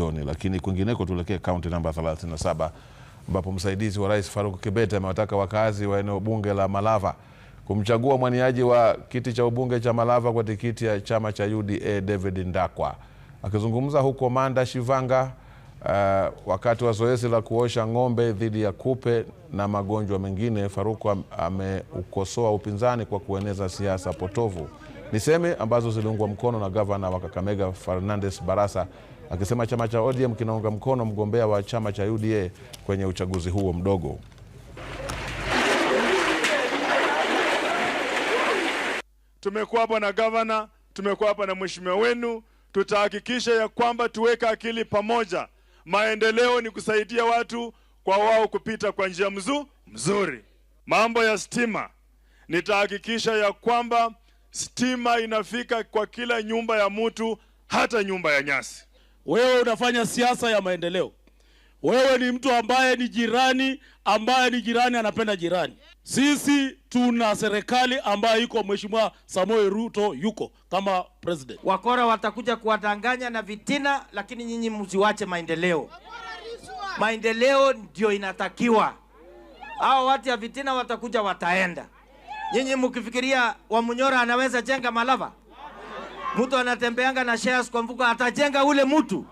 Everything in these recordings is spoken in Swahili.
jioni. Lakini kwingineko tuelekee kaunti namba 37 ambapo msaidizi wa rais Faruk Kibet amewataka wakazi wa eneo bunge la Malava kumchagua mwaniaji wa kiti cha ubunge cha Malava kwa tikiti ya chama cha UDA David Ndakwa. Akizungumza huko Manda Shivanga Uh, wakati wa zoezi la kuosha ng'ombe dhidi ya kupe na magonjwa mengine, Faruku ameukosoa upinzani kwa kueneza siasa potovu. Ni sehemu ambazo ziliungwa mkono na gavana wa Kakamega Fernandes Barasa, akisema chama cha ODM kinaunga mkono mgombea wa chama cha UDA kwenye uchaguzi huo mdogo. Tumekuwa hapa na gavana, tumekuwa hapa na mheshimiwa wenu, tutahakikisha ya kwamba tuweke akili pamoja. Maendeleo ni kusaidia watu kwa wao kupita kwa njia mzu, mzuri. Mambo ya stima, nitahakikisha ya kwamba stima inafika kwa kila nyumba ya mtu, hata nyumba ya nyasi. Wewe unafanya siasa ya maendeleo. Wewe ni mtu ambaye ni jirani, ambaye ni jirani anapenda jirani. Sisi tuna serikali ambayo iko Mheshimiwa Samoei Ruto yuko kama president. Wakora watakuja kuwadanganya na vitina, lakini nyinyi msiwache maendeleo. Maendeleo ndio inatakiwa. Hao watu ya vitina watakuja, wataenda. Nyinyi mkifikiria Wamunyora anaweza jenga Malava, mtu anatembeanga na shares kwa mfuko, atajenga ule mtu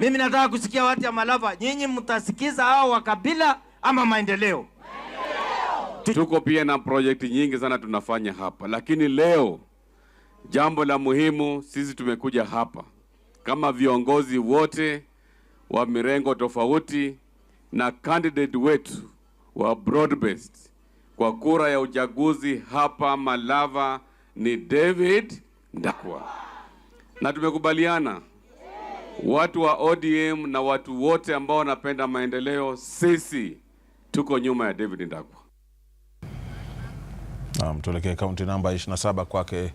mimi nataka kusikia watu ya Malava, nyinyi mtasikiza hao wa kabila ama maendeleo? Tuko pia na projekti nyingi sana tunafanya hapa, lakini leo jambo la muhimu, sisi tumekuja hapa kama viongozi wote wa mirengo tofauti na candidate wetu wa broad based kwa kura ya uchaguzi hapa Malava ni David Ndakwa, na tumekubaliana Watu wa ODM na watu wote ambao wanapenda maendeleo, sisi tuko nyuma ya David Ndakwa. Naam, tuelekee kaunti namba 27 kwake.